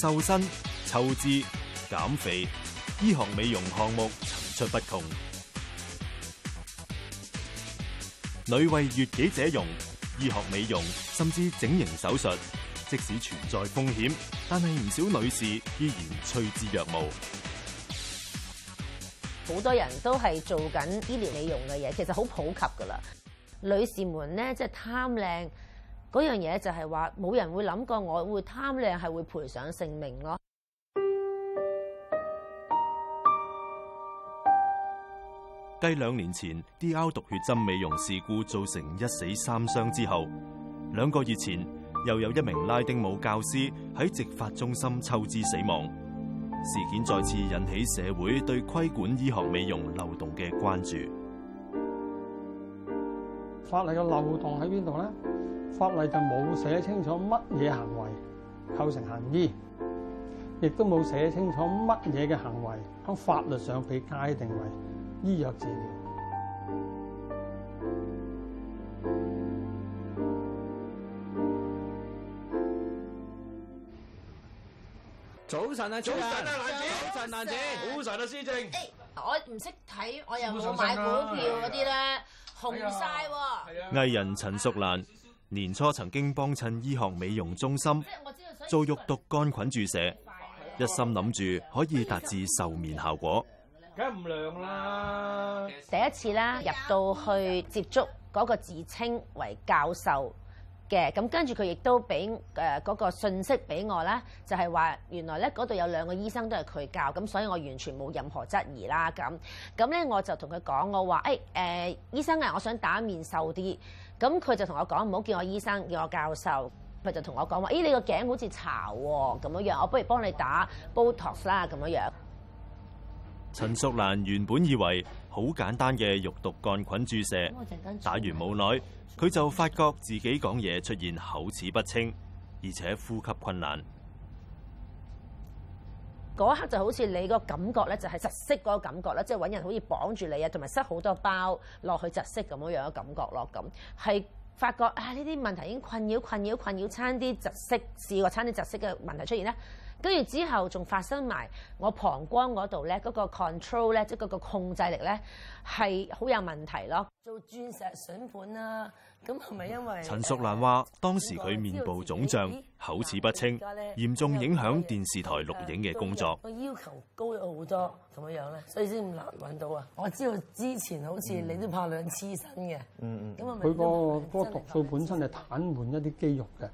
瘦身、抽脂、減肥、醫學美容項目層出不窮。女為悅己者容，醫學美容甚至整形手術，即使存在風險，但係唔少女士依然趨之若鶩。好多人都係做緊醫療美容嘅嘢，其實好普及噶啦。女士們呢，即係貪靚。嗰樣嘢就係話，冇人會諗過，我會貪靚係會賠上性命咯。繼兩年前 DR 毒血針美容事故造成一死三傷之後，兩個月前又有一名拉丁舞教師喺植髮中心抽脂死亡，事件再次引起社會對規管醫學美容漏洞嘅關注。法例嘅漏洞喺邊度呢？法例就冇寫清楚乜嘢行為構成行醫，亦都冇寫清楚乜嘢嘅行為喺法律上被界定為醫藥治療。早晨啊，早晨啊，蘭子，早晨蘭子，早晨啊，施政。欸、我唔識睇，我又冇買股票嗰啲咧，啊、紅曬色。啊、藝人陳淑蘭。年初曾經幫襯醫學美容中心做肉毒桿菌注射，一心諗住可以達至瘦面效果。梗唔靚啦！第一次啦，入到去接觸嗰個自稱為教授嘅，咁跟住佢亦都俾嗰個信息俾我啦，就係話原來咧嗰度有兩個醫生都係佢教，咁所以我完全冇任何質疑啦。咁咁咧我就同佢講，我話哎，誒、呃、醫生啊，我想打面瘦啲。咁佢就同我講唔好叫我醫生，叫我教授。佢就同我講話：咦、哎，你個頸好似巢喎、喔，咁樣樣，我不如幫你打 Botox 啦，咁樣樣。陳淑蘭原本以為好簡單嘅肉毒桿菌注射，打完冇耐，佢就發覺自己講嘢出現口齒不清，而且呼吸困難。嗰刻就好似你個感覺咧，就係窒息嗰個感覺啦，即係揾人好似綁住你啊，同埋塞好多包落去窒息咁樣嘅感覺咯，咁係發覺啊呢啲問題已經困擾、困擾、困擾，差啲窒息，試過差啲窒息嘅問題出現咧。跟住之後，仲發生埋我膀胱嗰度咧，嗰個 control 咧，即係個控制力咧，係好有問題咯。做鑽石損盤啦，咁係咪因為？陳淑蘭話：當時佢面部腫脹，咦口齒不清，嚴重影響電視台錄影嘅工作。個要求高咗好多，咁樣咧？所以先唔難揾到啊！我知道之前好似你都拍兩黐身嘅，嗯嗯。佢個多毒素本身係癱瘓一啲肌肉嘅。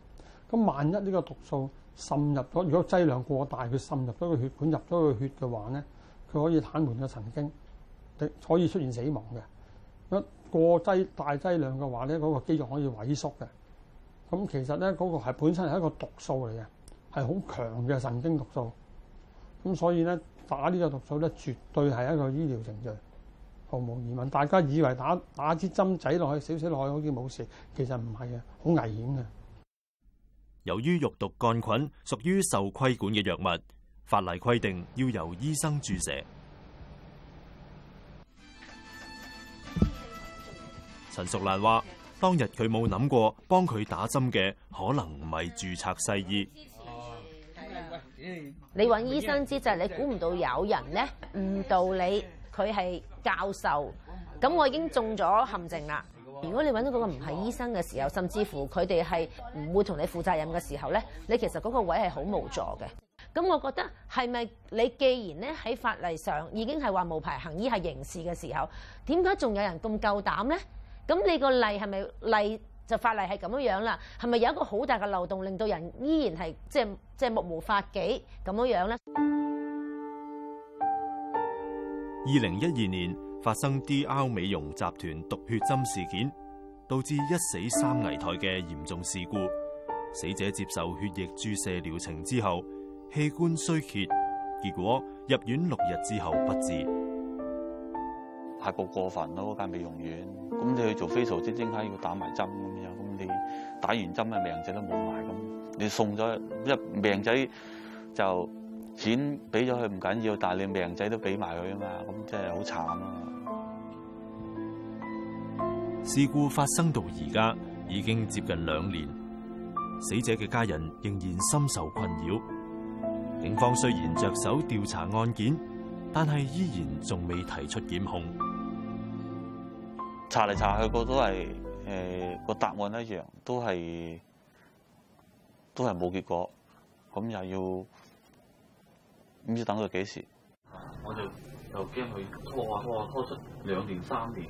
咁萬一呢個毒素滲入咗，如果劑量過大，佢滲入咗個血管入咗個血嘅話咧，佢可以癱瘓咗神經，可以出現死亡嘅。一過劑大劑量嘅話咧，嗰個肌肉可以萎縮嘅。咁其實咧，嗰個係本身係一個毒素嚟嘅，係好強嘅神經毒素。咁所以咧，打呢個毒素咧，絕對係一個醫療程序，毫無疑問。大家以為打打支針仔落去，少少落去好似冇事，其實唔係啊，好危險嘅。由於肉毒桿菌屬於受規管嘅藥物，法例規定要由醫生注射。陳淑蘭話：當日佢冇諗過幫佢打針嘅可能唔係註冊西醫。你揾醫生之際，你估唔到有人呢，誤導你，佢係教授，咁我已經中咗陷阱啦。如果你揾到嗰個唔係醫生嘅時候，甚至乎佢哋係唔會同你負責任嘅時候咧，你其實嗰個位係好無助嘅。咁我覺得係咪你既然咧喺法例上已經係話無牌行醫係刑事嘅時候，點解仲有人咁夠膽咧？咁你個例係咪例，例就法例係咁樣樣啦？係咪有一個好大嘅漏洞，令到人依然係即係即係目無法紀咁樣樣咧？二零一二年。發生 DR 美容集團毒血針事件，導致一死三危殆嘅嚴重事故。死者接受血液注射療程之後，器官衰竭，結果入院六日之後不治。係部過份咯，間美容院。咁你去做 facial，精精下要打埋針咁樣，咁你打完針啊命仔都冇埋。咁你送咗一命仔就錢俾咗佢唔緊要，但係你命仔都俾埋佢啊嘛。咁真係好慘啊。事故發生到而家已經接近兩年，死者嘅家人仍然深受困擾。警方雖然着手調查案件，但係依然仲未提出檢控。查嚟查去，個都係，誒，個答案一樣，都係都係冇結果。咁又要唔知要等到幾時？我就又驚佢拖啊拖啊拖出兩年三年。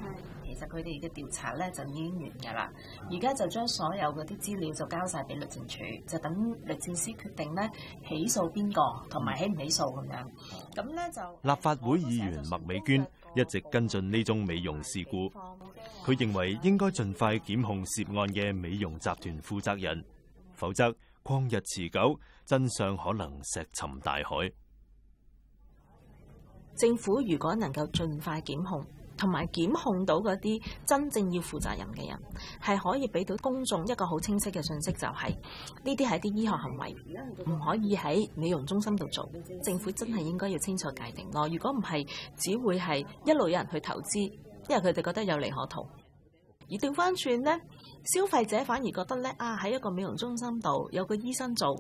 其實佢哋而家調查咧就已經完㗎啦，而家就將所有嗰啲資料就交晒俾律政處，就等律政司決定咧，起訴邊個同埋起唔起訴咁樣。咁咧就立法會議員麥美娟一直跟進呢宗美容事故，佢認為應該盡快檢控涉案嘅美容集團負責人，否則曠日持久，真相可能石沉大海。政府如果能夠盡快檢控。同埋檢控到嗰啲真正要負責任嘅人，係可以俾到公眾一個好清晰嘅信息，就係呢啲係啲醫學行為，唔可以喺美容中心度做。政府真係應該要清楚界定咯。如果唔係，只會係一路有人去投資，因為佢哋覺得有利可圖。而掉返轉呢，消費者反而覺得呢，啊，喺一個美容中心度有個醫生做。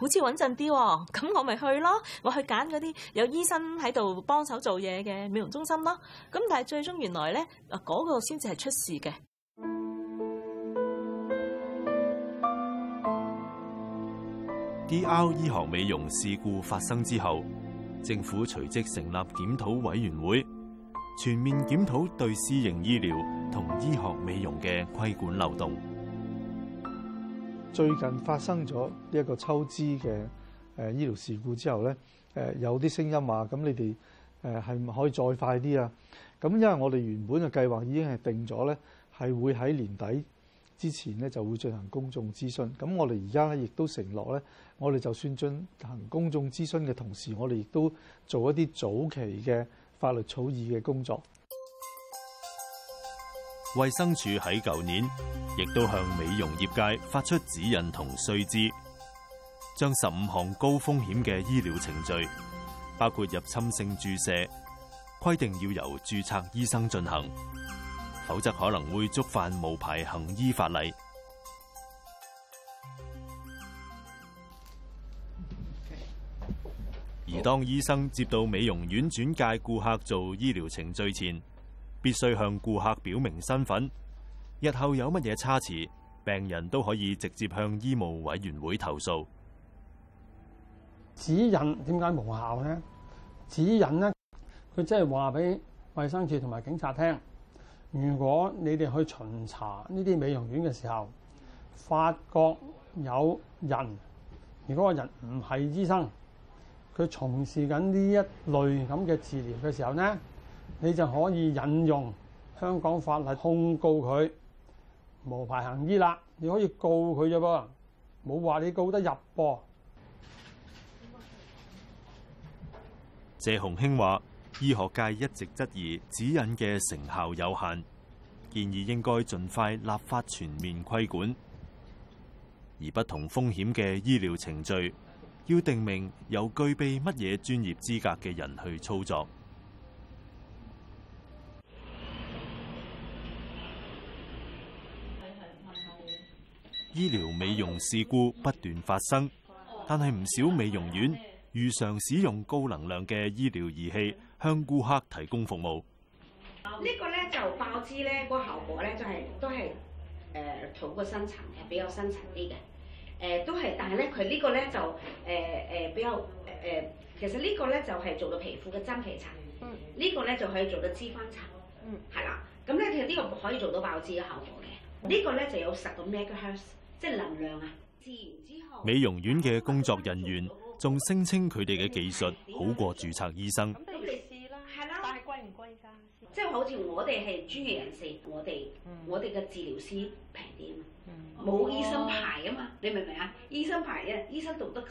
好似穩陣啲喎，咁我咪去咯，我去揀嗰啲有醫生喺度幫手做嘢嘅美容中心咯。咁但係最終原來咧，嗰個先至係出事嘅。DR 醫學美容事故發生之後，政府隨即成立檢討委員會，全面檢討對私營醫療同醫學美容嘅規管漏洞。最近發生咗呢一個抽脂嘅誒，醫療事故之後呢，誒，有啲聲音話，咁你哋誒係咪可以再快啲啊？咁因為我哋原本嘅計劃已經係定咗呢，係會喺年底之前呢就會進行公眾諮詢。咁我哋而家咧，亦都承諾呢，我哋就算進行公眾諮詢嘅同時，我哋亦都做一啲早期嘅法律草擬嘅工作。衛生署喺舊年亦都向美容業界發出指引同須知，將十五項高風險嘅醫療程序，包括入侵性注射，規定要由註冊醫生進行，否則可能會觸犯無牌行醫法例。而當醫生接到美容院轉介顧客做醫療程序前，必須向顧客表明身份。日後有乜嘢差池，病人都可以直接向醫務委員會投訴。指引點解無效呢？指引呢，佢即係話俾衛生署同埋警察聽，如果你哋去巡查呢啲美容院嘅時候，發覺有人，如果個人唔係醫生，佢從事緊呢一類咁嘅治療嘅時候呢。你就可以引用香港法例控告佢無牌行醫啦。你可以告佢啫噃，冇話你告得入噃。謝洪興話，醫學界一直質疑指引嘅成效有限，建議應該盡快立法全面規管，而不同風險嘅醫療程序要定明由具備乜嘢專業資格嘅人去操作。醫療美容事故不斷發生，但係唔少美容院如常使用高能量嘅醫療儀器向顧客提供服務呢。呢個咧就爆脂咧，個效果咧就係、是、都係誒、呃，土個深層嘅比較深層啲嘅，誒、呃、都係，但係咧佢呢個咧就誒誒、呃、比較誒、呃，其實呢個咧就係做到皮膚嘅真皮層，呢、嗯、個咧就可以做到脂肪層，係啦、嗯，咁咧其實呢個可以做到爆脂嘅效果嘅，呢、這個咧就有十個 megahertz。即係能量啊！自然之後，美容院嘅工作人員仲聲稱佢哋嘅技術好過注冊醫生。咁你試啦，係啦，但係貴唔貴先？即係好似我哋係專業人士，我哋我哋嘅治療師平啲，冇醫生牌啊嘛？你明唔明啊？醫生牌啊，醫生讀得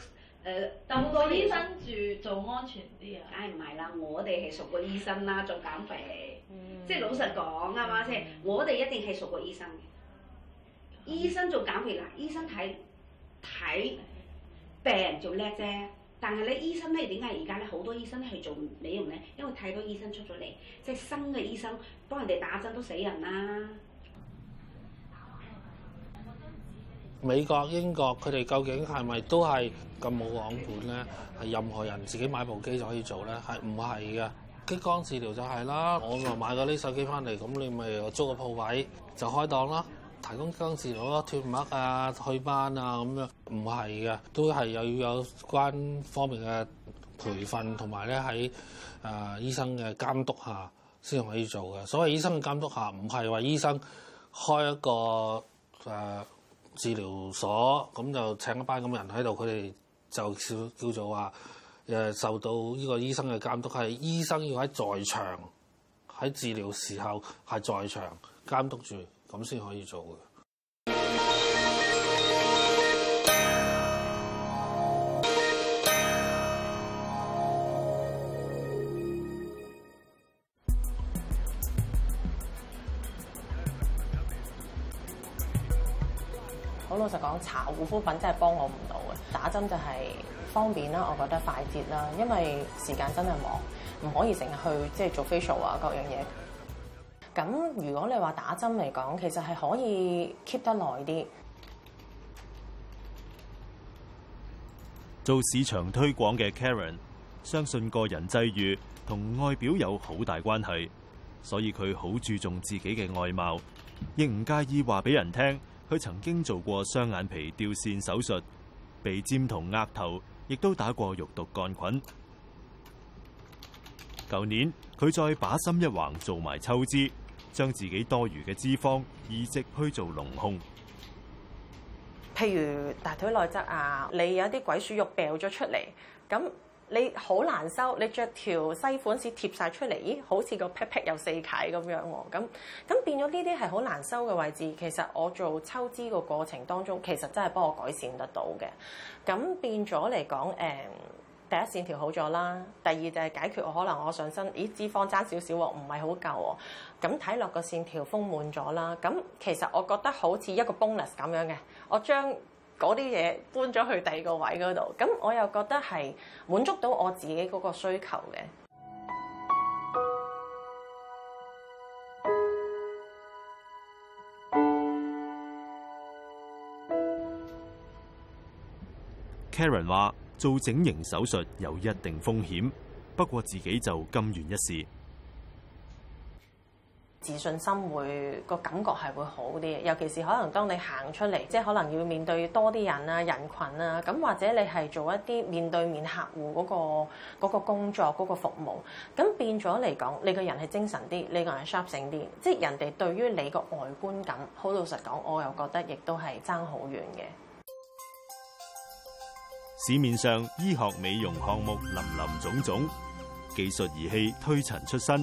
誒，但係我當醫生住做安全啲啊？梗係唔係啦，我哋係熟過醫生啦，做減肥，即係老實講啊嘛，即係我哋一定係熟過醫生。醫生做減肥嗱，醫生睇睇病人做叻啫，但係咧醫生咧點解而家咧好多醫生咧係做美容咧？因為太多醫生出咗嚟，即係新嘅醫生幫人哋打針都死人啦。美國、英國佢哋究竟係咪都係咁冇監管咧？係任何人自己買部機就可以做咧？係唔係嘅激光治療就係啦。我咪買咗呢手機翻嚟，咁你咪租個鋪位就開檔啦。提供針治療啊、脫墨啊、去斑啊咁樣，唔係嘅，都係有要有關方面嘅培訓，同埋咧喺誒醫生嘅監督下先可以做嘅。所謂醫生嘅監督下，唔係話醫生開一個誒、呃、治療所，咁就請一班咁嘅人喺度，佢哋就叫做話誒、呃、受到呢個醫生嘅監督，係醫生要喺在，在場喺治療時候係在，在場監督住。咁先可以做嘅。好老實講，搽護膚品真係幫我唔到嘅，打針就係方便啦，我覺得快捷啦，因為時間真係忙，唔可以成日去，即係做 facial 啊，各樣嘢。咁如果你話打針嚟講，其實係可以 keep 得耐啲。做市場推廣嘅 Karen 相信個人際遇同外表有好大關係，所以佢好注重自己嘅外貌，亦唔介意話俾人聽。佢曾經做過雙眼皮吊線手術、鼻尖同額頭，亦都打過肉毒桿菌。舊年佢再把心一橫做埋抽脂。將自己多餘嘅脂肪，移植去做隆胸，譬如大腿內側啊，你有啲鬼鼠肉掉咗出嚟，咁你好難收。你着條西款式貼晒出嚟，咦，好似個屁屁有四塊咁樣喎。咁咁變咗呢啲係好難收嘅位置。其實我做抽脂個過程當中，其實真係幫我改善得到嘅。咁變咗嚟講，誒、嗯。第一線條好咗啦，第二就係解決我可能我上身咦脂肪爭少少喎，唔係好夠喎，咁睇落個線條豐滿咗啦，咁其實我覺得好似一個 bonus 咁樣嘅，我將嗰啲嘢搬咗去第二個位嗰度，咁我又覺得係滿足到我自己嗰個需求嘅。Karen 話。做整形手術有一定風險，不過自己就甘願一試。自信心會個感覺係會好啲，尤其是可能當你行出嚟，即係可能要面對多啲人啊、人群啊咁，或者你係做一啲面對面客戶嗰個嗰個工作嗰個服務，咁變咗嚟講，你個人係精神啲，你個人係 sharp 性啲，即係人哋對於你個外觀感，好老實講，我又覺得亦都係爭好遠嘅。市面上醫學美容項目林林總總，技術儀器推陳出新，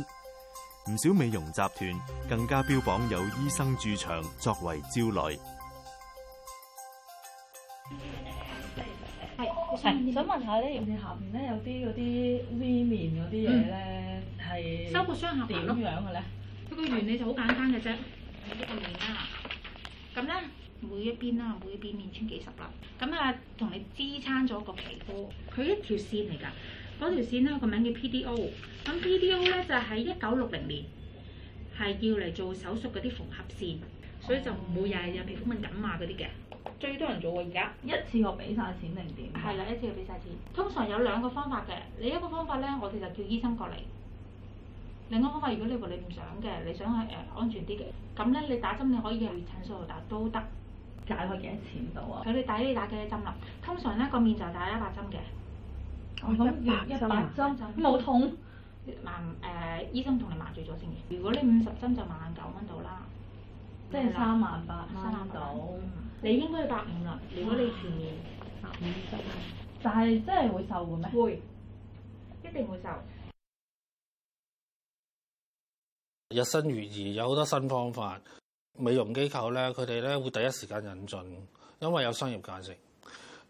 唔少美容集團更加標榜有醫生駐場作為招徠。係係，想問下咧，你下面咧有啲嗰啲 V 面嗰啲嘢咧係？收貨箱盒咁樣嘅咧？佢個原理就好簡單嘅啫，一個面啊，咁咧。每一邊啦，每一邊面穿幾十粒，咁啊同你支撐咗個皮膚。佢一條線嚟㗎，嗰條線咧個名叫 PDO。咁 PDO 咧就喺一九六零年，係要嚟做手術嗰啲縫合線，所以就唔會又係有皮膚敏感啊嗰啲嘅。哦、最多人做而家，一次我俾晒錢定點？係啦，一次過俾晒錢。通常有兩個方法嘅，你一個方法咧，我哋就叫醫生過嚟，另一個方法，如果你話你唔想嘅，你想係誒、呃、安全啲嘅，咁咧你打針你可以喺診所度打都得。大概幾多錢度啊？佢你打你打幾多針啦？通常咧個面就打一百針嘅。100針啊、我諗一百針，啊、針就冇痛，麻誒醫生同你麻醉咗先。如果你五十針就萬九蚊度啦，即係三萬八，三萬到。你應該要百五啦。如果你全面百五十啊，就係真係會瘦嘅咩？會，一定會瘦。日新月異，有好多新方法。美容機構咧，佢哋咧會第一時間引進，因為有商業價值。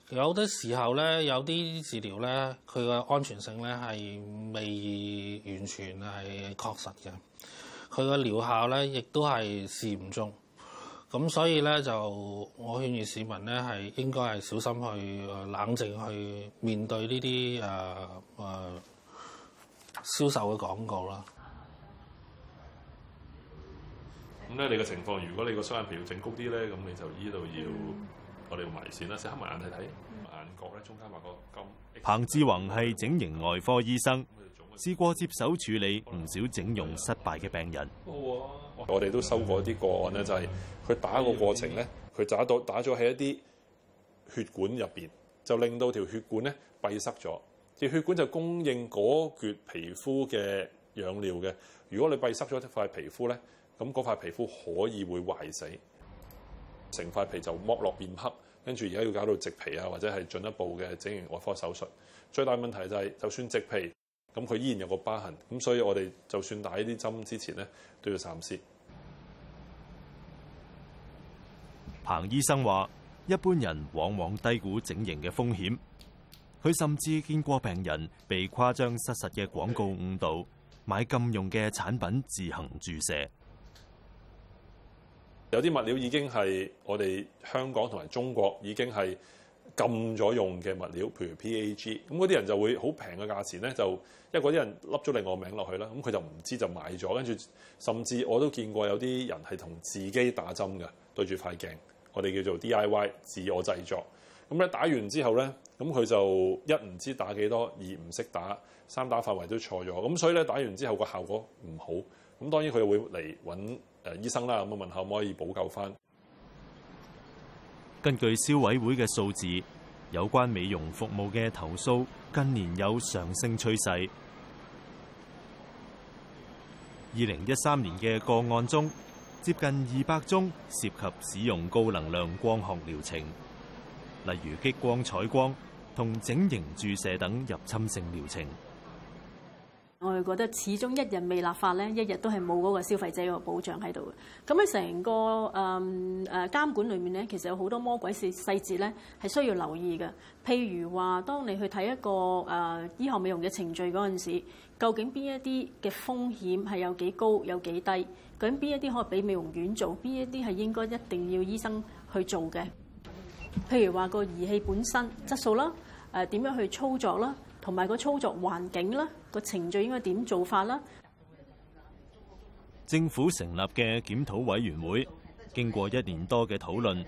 有啲時候咧，有啲治療咧，佢嘅安全性咧係未完全係確實嘅，佢嘅療效咧亦都係試驗中。咁所以咧，就我勸住市民咧係應該係小心去冷靜去面對呢啲誒誒銷售嘅廣告啦。咁咧，你個情況，如果你個雙眼皮要整高啲咧，咁你就依度要我哋用埋線啦，先閉埋眼睇睇眼角咧，中間畫個金。彭志宏係整形外科醫生，試過接手處理唔少整容失敗嘅病人。我哋都收過一啲個案咧，就係、是、佢打個過程咧，佢打到打咗喺一啲血管入邊，就令到條血管咧閉塞咗。條血管就供應嗰撅皮膚嘅養料嘅。如果你閉塞咗一塊皮膚咧，咁嗰塊皮膚可以會壞死，成塊皮就剝落變黑，跟住而家要搞到植皮啊，或者係進一步嘅整形外科手術。最大問題就係，就算植皮，咁佢依然有個疤痕。咁所以我哋就算打呢啲針之前呢，都要三思。彭醫生話：一般人往往低估整形嘅風險，佢甚至見過病人被誇張失實嘅廣告誤導，買禁用嘅產品自行注射。有啲物料已經係我哋香港同埋中國已經係禁咗用嘅物料，譬如 PAG。咁嗰啲人就會好平嘅價錢，呢就因為嗰啲人笠咗另外名落去啦。咁佢就唔知就買咗，跟住甚至我都見過有啲人係同自己打針嘅，對住塊鏡，我哋叫做 DIY 自我製作。咁咧打完之後呢，咁佢就一唔知打幾多，二唔識打，三打範圍都錯咗。咁所以咧打完之後個效果唔好。咁當然佢會嚟揾。誒醫生啦，咁問可唔可以補救返？根據消委會嘅數字，有關美容服務嘅投訴近年有上升趨勢。二零一三年嘅個案中，接近二百宗涉及使用高能量光學療程，例如激光彩光同整形注射等入侵性療程。我哋覺得始終一日未立法咧，一日都係冇嗰個消費者個保障喺度嘅。咁喺成個誒誒、嗯、監管裏面咧，其實有好多魔鬼細細節咧，係需要留意嘅。譬如話，當你去睇一個誒、呃、醫學美容嘅程序嗰陣時候，究竟邊一啲嘅風險係有幾高有幾低？究竟邊一啲可以俾美容院做，邊一啲係應該一定要醫生去做嘅？譬如話個儀器本身質素啦，誒、呃、點樣去操作啦？同埋個操作環境啦，個程序應該點做法啦？政府成立嘅檢討委員會經過一年多嘅討論，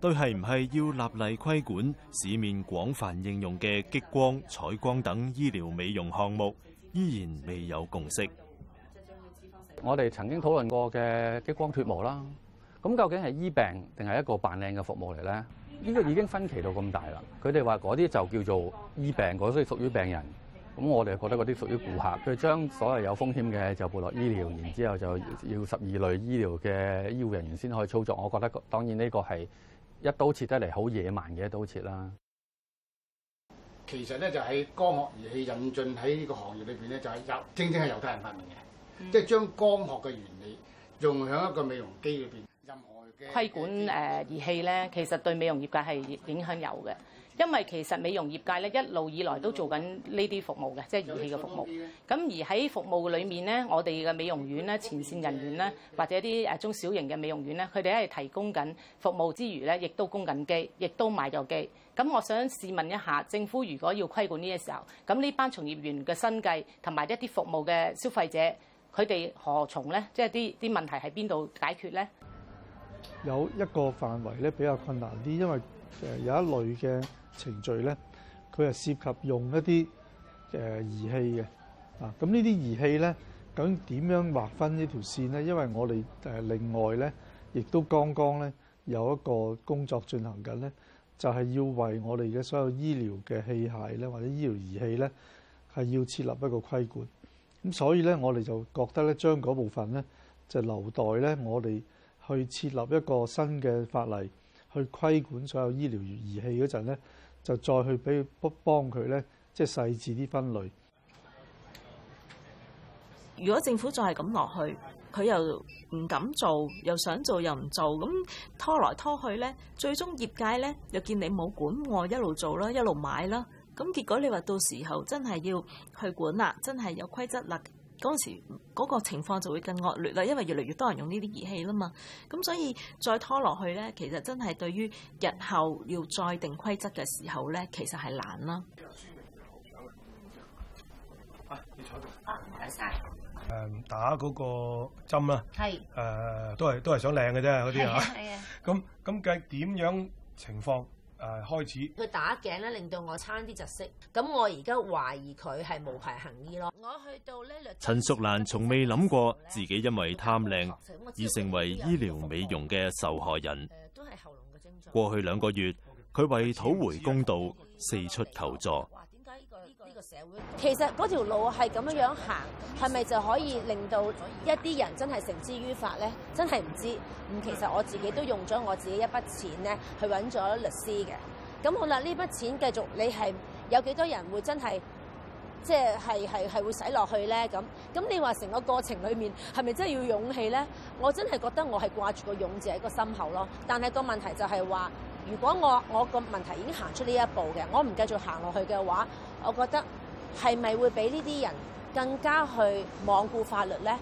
對係唔係要立例規管市面廣泛應用嘅激光、彩光等醫療美容項目，依然未有共識。我哋曾經討論過嘅激光脫毛啦，咁究竟係醫病定係一個扮靚嘅服務嚟咧？呢個已經分歧到咁大啦！佢哋話嗰啲就叫做醫病，嗰啲屬於病人。咁我哋覺得嗰啲屬於顧客。佢將所有有風險嘅就撥落醫療，然之後就要十二類醫療嘅醫護人員先可以操作。我覺得當然呢個係一刀切得嚟好野蠻嘅一刀切啦。其實咧就係光學儀器引進喺呢個行業裏邊咧，就係由正正係猶太人發明嘅，即係將光學嘅原理用喺一個美容機裏邊。規管誒儀器咧，其實對美容業界係影響有嘅，因為其實美容業界咧一路以來都做緊呢啲服務嘅，即係儀器嘅服務。咁而喺服務裏面咧，我哋嘅美容院咧、前線人員咧，或者啲誒中小型嘅美容院咧，佢哋係提供緊服務之餘咧，亦都供緊機，亦都買咗機。咁我想試問一下，政府如果要規管呢啲時候，咁呢班從業員嘅生計同埋一啲服務嘅消費者，佢哋何從咧？即係啲啲問題喺邊度解決咧？有一個範圍咧比較困難啲，因為誒有一類嘅程序咧，佢係涉及用一啲誒儀器嘅啊。咁呢啲儀器咧，究竟點樣劃分呢條線咧？因為我哋誒另外咧，亦都剛剛咧有一個工作進行緊咧，就係要為我哋嘅所有醫療嘅器械咧，或者醫療儀器咧，係要設立一個規管。咁所以咧，我哋就覺得咧，將嗰部分咧就留待咧我哋。去設立一個新嘅法例去規管所有醫療儀器嗰陣呢，就再去俾幫佢呢，即係細緻啲分類。如果政府再係咁落去，佢又唔敢做，又想做又唔做，咁拖來拖去呢，最終業界呢，又見你冇管，我一路做啦，一路買啦。咁結果你話到時候真係要去管啦，真係有規則啦。嗰陣時嗰個情況就會更惡劣啦，因為越嚟越多人用呢啲儀器啦嘛，咁所以再拖落去咧，其實真係對於日後要再定規則嘅時候咧，其實係難啦。啊，唔該曬、啊、打嗰個針啦、啊。係是、呃。都係都係想靚嘅啫，嗰啲嚇。係啊。咁咁計點樣情況？誒開始，佢打頸咧，令到我差啲窒息。咁我而家懷疑佢係無牌行醫咯。我去到呢，陳淑蘭從未諗過自己因為貪靚而成為醫療美容嘅受害人。過去兩個月，佢為討回公道，四出求助。呢個社會其實嗰條路係咁樣樣行，係咪就可以令到一啲人真係繩之於法咧？真係唔知。咁其實我自己都用咗我自己一筆錢咧，去揾咗律師嘅。咁好啦，呢筆錢繼續，你係有幾多人會真係，即係係係係會使落去咧？咁咁你話成個過程裏面，係咪真係要勇氣咧？我真係覺得我係掛住個勇字喺個心口咯。但係個問題就係話。如果我我個問題已經行出呢一步嘅，我唔繼續行落去嘅話，我覺得係咪會俾呢啲人更加去罔顧法律呢？